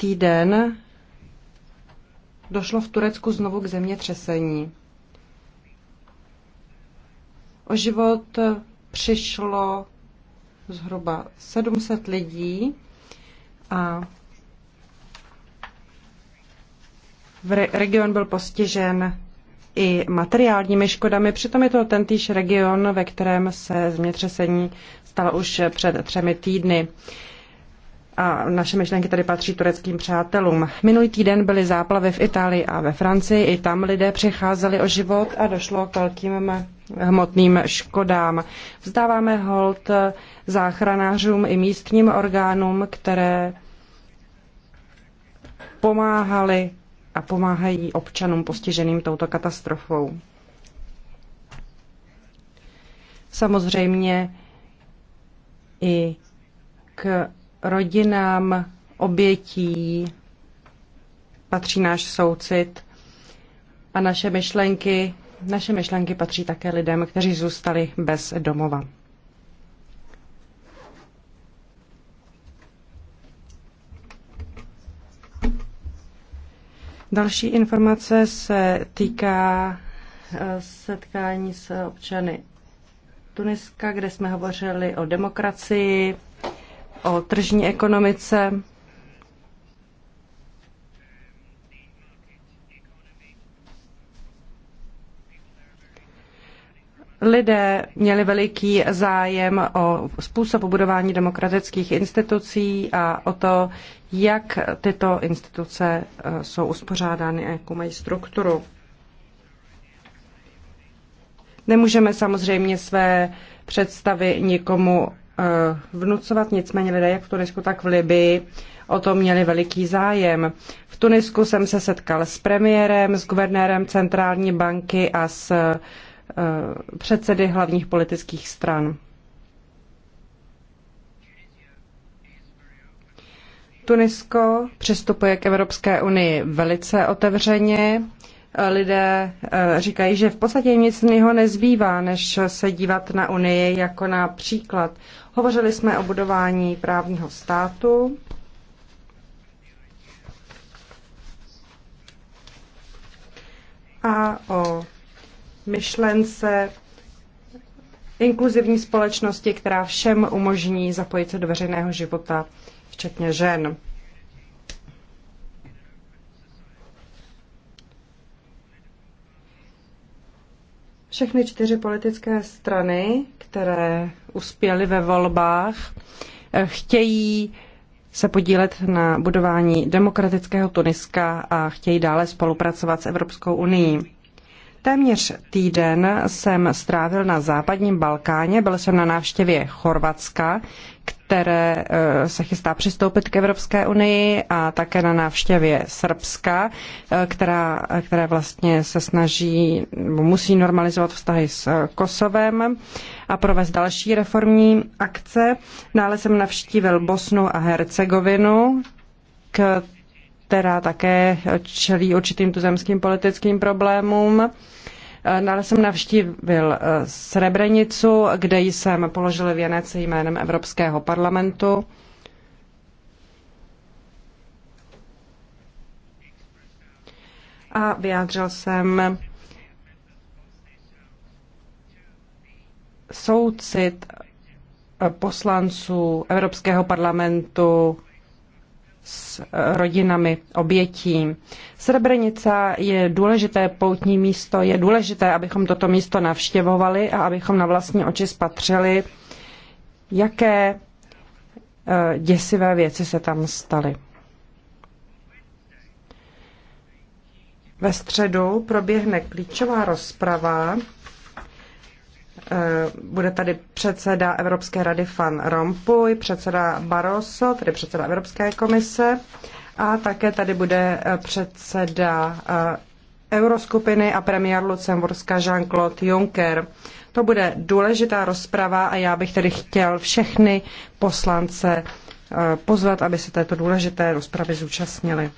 týden došlo v Turecku znovu k zemětřesení. O život přišlo zhruba 700 lidí a v re- region byl postižen i materiálními škodami. Přitom je to tentýž region, ve kterém se zemětřesení stalo už před třemi týdny a naše myšlenky tady patří tureckým přátelům. Minulý týden byly záplavy v Itálii a ve Francii, i tam lidé přicházeli o život a došlo k velkým hmotným škodám. Vzdáváme hold záchranářům i místním orgánům, které pomáhali a pomáhají občanům postiženým touto katastrofou. Samozřejmě i k rodinám obětí patří náš soucit a naše myšlenky, naše myšlenky patří také lidem, kteří zůstali bez domova. Další informace se týká eh, setkání s občany Tuniska, kde jsme hovořili o demokracii, o tržní ekonomice. Lidé měli veliký zájem o způsob budování demokratických institucí a o to, jak tyto instituce eh, jsou uspořádány a jakou mají strukturu. Nemůžeme samozřejmě své představy nikomu Eh, vnucovat, nicméně lidé jak v Tunisku, tak v Libii o to měli veliký zájem. V Tunisku jsem se setkal s premiérem, s guvernérem centrální banky a s eh, předsedy hlavních politických stran. Tunisko přistupuje k Evropské unii velice otevřeně lidé eh, říkají, že v podstatě nic jiného nezbývá, než se dívat na Unii jako na příklad. Hovořili jsme o budování právního státu. A o myšlence inkluzivní společnosti, která všem umožní zapojit se do veřejného života, včetně žen. Všechny čtyři politické strany, které uspěly ve volbách, eh, chtějí se podílet na budování demokratického Tuniska a chtějí dále spolupracovat s Evropskou unii. Téměř týden jsem strávil na západním Balkáně, byl jsem na návštěvě Chorvatska, které eh, se chystá přistoupit k Evropské unii a také na návštěvě Srbska, eh, která, které vlastně se snaží, musí normalizovat vztahy s eh, Kosovem a provést další reformní akce. Dále jsem navštívil Bosnu a Hercegovinu, která také čelí určitým tuzemským politickým problémům. Dále jsem navštívil eh, Srebrenicu, kde jsem položil věnec jménem Evropského parlamentu. A vyjádřil jsem soucit eh, poslanců Evropského parlamentu s eh, rodinami obětí. Srebrenica je důležité poutní místo, je důležité, abychom toto místo navštěvovali a abychom na vlastní oči spatřili, jaké eh, děsivé věci se tam staly. Ve středu proběhne klíčová rozprava Eh, bude tady předseda Evropské rady Van Rompuy, předseda Barroso, tedy předseda Evropské komise a také tady bude eh, předseda eh, Euroskupiny a premiér Lucemburska Jean-Claude Juncker. To bude důležitá rozprava a já bych tedy chtěl všechny poslance pozvat, aby se této důležité rozpravy zúčastnili.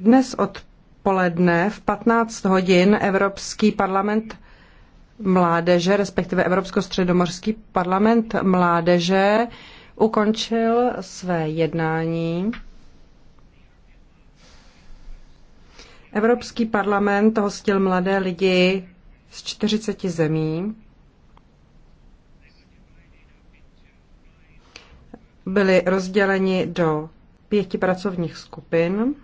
Dnes od Poledne v 15 hodin Evropský parlament mládeže, respektive Evropsko-středomorský parlament mládeže, ukončil své jednání. Evropský parlament hostil mladé lidi z 40 zemí. Byli rozděleni do pěti pracovních skupin.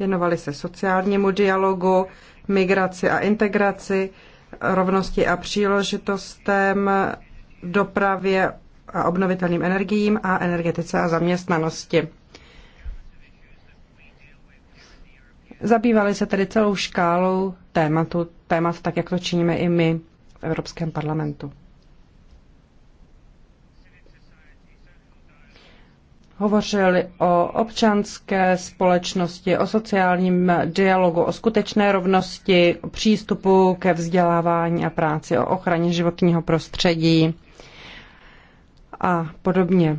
Věnovali se sociálnímu dialogu, migraci a integraci, rovnosti a příležitostem, dopravě a obnovitelným energiím a energetice a zaměstnanosti. Zabývali se tedy celou škálou tématu, témat, tak jak to činíme i my v Evropském parlamentu. hovořili o občanské společnosti, o sociálním dialogu, o skutečné rovnosti, o přístupu ke vzdělávání a práci, o ochraně životního prostředí a podobně.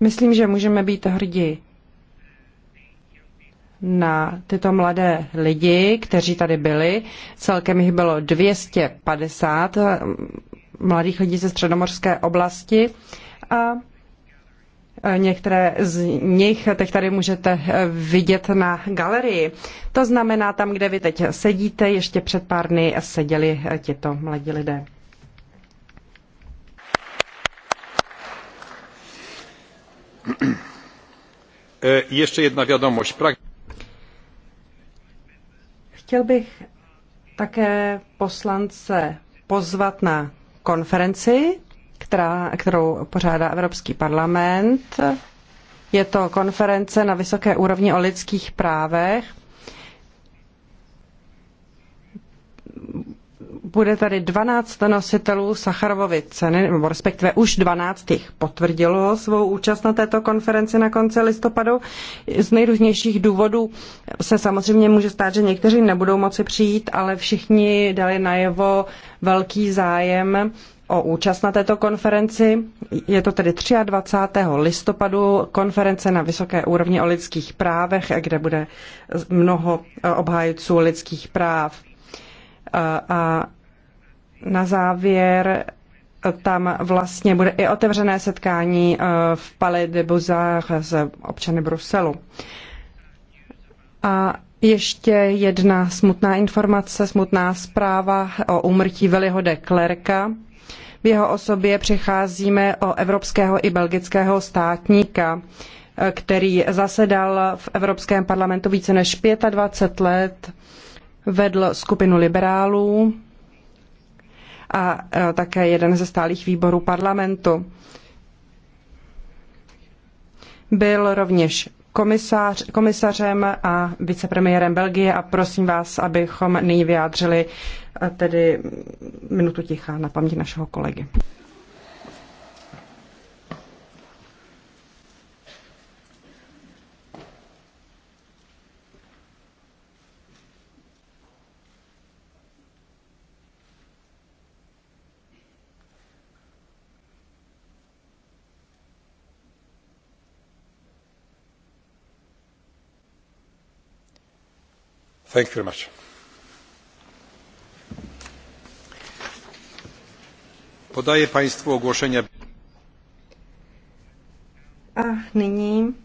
Myslím, že můžeme být hrdí na tyto mladé lidi, kteří tady byli. Celkem jich bylo 250 mm, mladých lidí ze středomorské oblasti a Některé z nich teď tady můžete vidět na galerii. To znamená, tam, kde vy teď sedíte, ještě před pár dny seděli tito mladí lidé. E, ještě jedna vědomość. Chtěl bych také poslance pozvat na konferenci, která, kterou pořádá Evropský parlament. Je to konference na vysoké úrovni o lidských právech bude tady 12 nositelů Sacharovovy ceny, nebo respektive už 12 jich potvrdilo svou účast na této konferenci na konci listopadu. Z nejrůznějších důvodů se samozřejmě může stát, že někteří nebudou moci přijít, ale všichni dali najevo velký zájem o účast na této konferenci. Je to tedy 23. listopadu konference na vysoké úrovni o lidských právech, kde bude mnoho obhájců lidských práv. A na závěr tam vlastně bude i otevřené setkání eh, v Palais de Bozar s občany Bruselu. A ještě jedna smutná informace, smutná zpráva o úmrtí Veliho de Klerka. V jeho osobě přicházíme o evropského i belgického státníka, eh, který zasedal v Evropském parlamentu více než 25 let, vedl skupinu liberálů, a e, také jeden ze stálých výborů parlamentu. Byl rovněž komisař, komisařem a vicepremiérem Belgie a prosím vás, abychom nyní vyjádřili e, tedy minutu ticha na paměť našeho kolegy. Thank you very much. Podaję Państwu ogłoszenia. A nyní